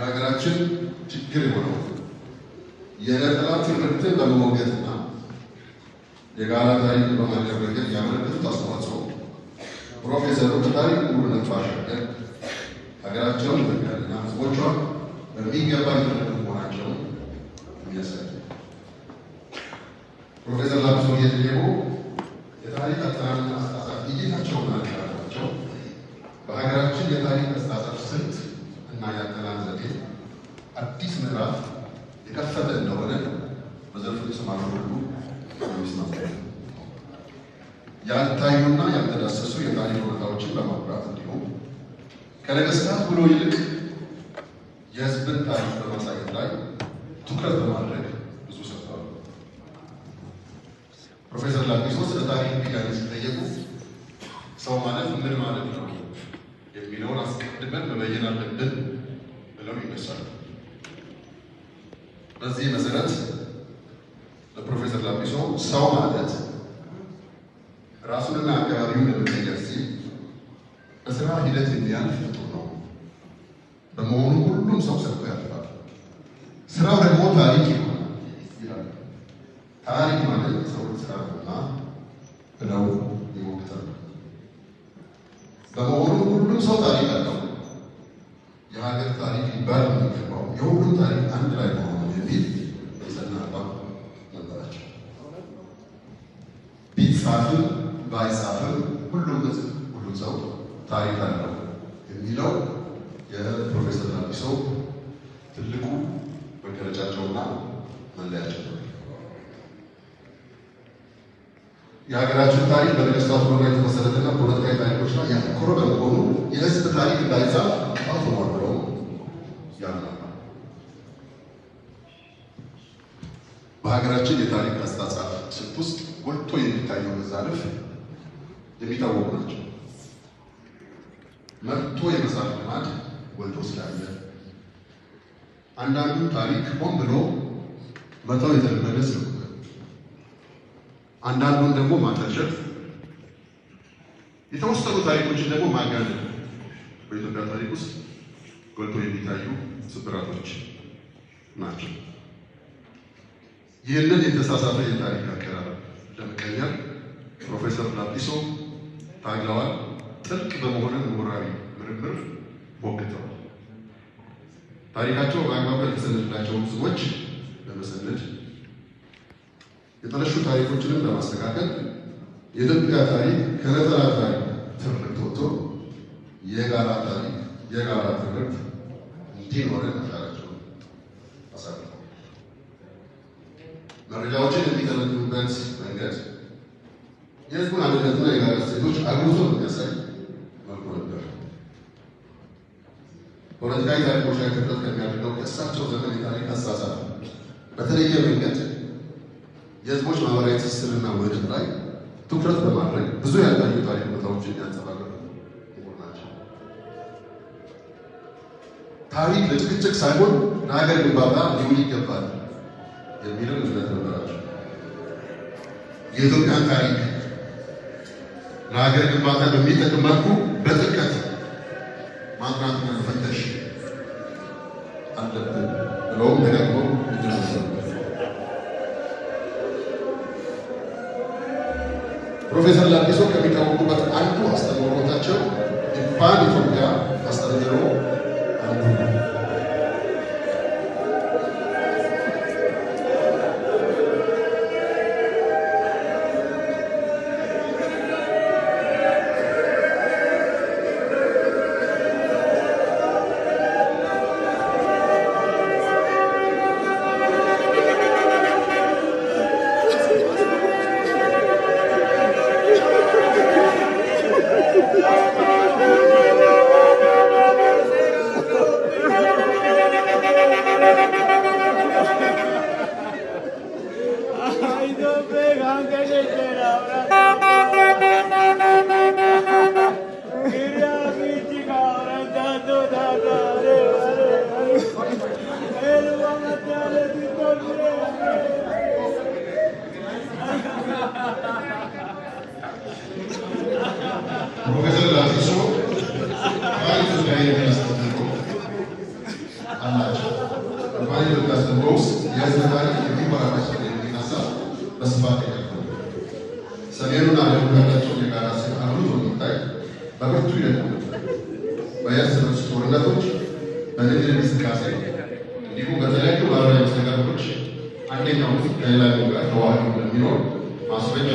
የሀገራችን ችግር የሆነው የነጠላ ትርክትን በመሞገትና የጋራ ታሪክ በማቅረብ ረገድ አስተዋጽኦ ፕሮፌሰሩ ከታሪክ ምሁርነት ባሻገር ሀገራቸውን መካልና ሕዝቦቿን በሚገባ የተረዱ መሆናቸውን የሚያሳይ ፕሮፌሰር ላጲሶ እየጠየቁ አዲስ ምዕራፍ የከፈተ እንደሆነ በዘርፉ የተሰማሩ ሁሉ የሚስማማ ያልታዩና ያልተዳሰሱ የታሪክ እውነታዎችን በማኩራት እንዲሁም ከነገስታት ብሎ ይልቅ የህዝብን ታሪክ በማሳየት ላይ ትኩረት በማድረግ ብዙ ሰርተዋል። ፕሮፌሰር ላጲሶ ስለ ታሪክ ብያኔ ሲጠየቁ ሰው ማለት ምን ማለት ነው የሚለውን አስቀድመን መበየን አለብን ብለው ይነሳሉ። በዚህ መሰረት ለፕሮፌሰር ላጲሶ ሰው ማለት ራሱንና አካባቢውን ለመቀየር ሲል በስራ ሂደት የሚያልፍ ፍጡር ነው። በመሆኑ ሁሉም ሰው ሰርቶ ያልፋል። ስራው ደግሞ ታሪክ ይሆናል ይላል። ታሪክ ማለት የሰውን ስራ ነውና ብለው ይሞግታሉ። በመሆኑ ሁሉም ሰው ታሪክ አለው። የሀገር ታሪክ ሊባል የሚገባው የሁሉም ታሪክ አንድ ላይ ነው። በሚል የጸና አቋም ነበራቸው። ቢጻፍም ባይጻፍም ሁሉም ህዝብ ሁሉም ሰው ታሪክ አለው የሚለው የፕሮፌሰር ላጲሶ ትልቁ መገለጫቸውና መለያቸው ነው። የሀገራችን ታሪክ በነገስታቱ ላይ የተመሰረተና ፖለቲካዊ ታሪኮች ላይ ያተኮረ በመሆኑ የህዝብ ታሪክ እንዳይጻፍ ቃል ተሟድረው ያምናል። በሀገራችን የታሪክ አጻጻፍ ስልት ውስጥ ጎልቶ የሚታየው መዛነፍ የሚታወቁ ናቸው። መርቶ የመጽሐፍ ልማድ ጎልቶ ስላለ አንዳንዱ ታሪክ ሆን ብሎ መተው የተለመደ ስለሆነ አንዳንዱን ደግሞ ማጠልሸት፣ የተወሰኑ ታሪኮችን ደግሞ ማጋነን በኢትዮጵያ ታሪክ ውስጥ ጎልቶ የሚታዩ ስብራቶች ናቸው። ይህንን የተሳሳተ የታሪክ አቀራረብ ለመቀየር ፕሮፌሰር ላጲሶ ታግለዋል። ጥልቅ በመሆነ ምሁራዊ ምርምር ሞክተዋል። ታሪካቸው በአግባብ የተሰነድላቸውን ህዝቦች ለመሰነድ የተለሹ ታሪኮችንም ለማስተካከል የኢትዮጵያ ታሪክ ከነጠላ ታሪክ ትርክት ወጥቶ የጋራ ታሪክ የጋራ ትርክት እንዲኖረን መረጃዎችን የሚተነትኑበት መንገድ የህዝቡን አንድነትና የጋራ እሴቶች አጉልቶ የሚያሳይ መልኩ ነበር። ፖለቲካዊ ታሪኮች ላይ ትኩረት ከሚያደርገው ከእሳቸው ዘመን የታሪክ አሳሳል በተለየ መንገድ የህዝቦች ማህበራዊ ትስስርና ውህደት ላይ ትኩረት በማድረግ ብዙ ያልታዩ ታሪክ ቦታዎች የሚያንጸባርቁ ናቸው። ታሪክ ለጭቅጭቅ ሳይሆን ለሀገር ግንባታ ሊውል ይገባል። የሚለው እምነት ነበራቸው። የኢትዮጵያን ታሪክ ለሀገር ግንባታ በሚጠቅም መልኩ በጥልቀት ማጥናትና መፈተሽ አለብን ብለውም ተደግሞ ይተሳሰሩ ፕሮፌሰር ላጲሶ ከሚታወቁበት አንዱ አስተምህሮታቸው ኢንፋን ኢትዮጵያ አስተምህሮ አንዱ ነው። አስተምሮ ውስጥ የህዝብ ታሪክ የሚባላቸው በስፋት ያቀርባል። ሰሜኑን ዓለም ካላቸው የጋራ ስልጣኑ የሚታይ በብርቱ ይደግፋል። በየእርስ በርስ ጦርነቶች፣ በንግድ እንቅስቃሴ እንዲሁም በተለያዩ ማህበራዊ መስተጋብሮች አንደኛው ከሌላኛው ጋር ተዋህዶ እንደሚኖር ማስረጃ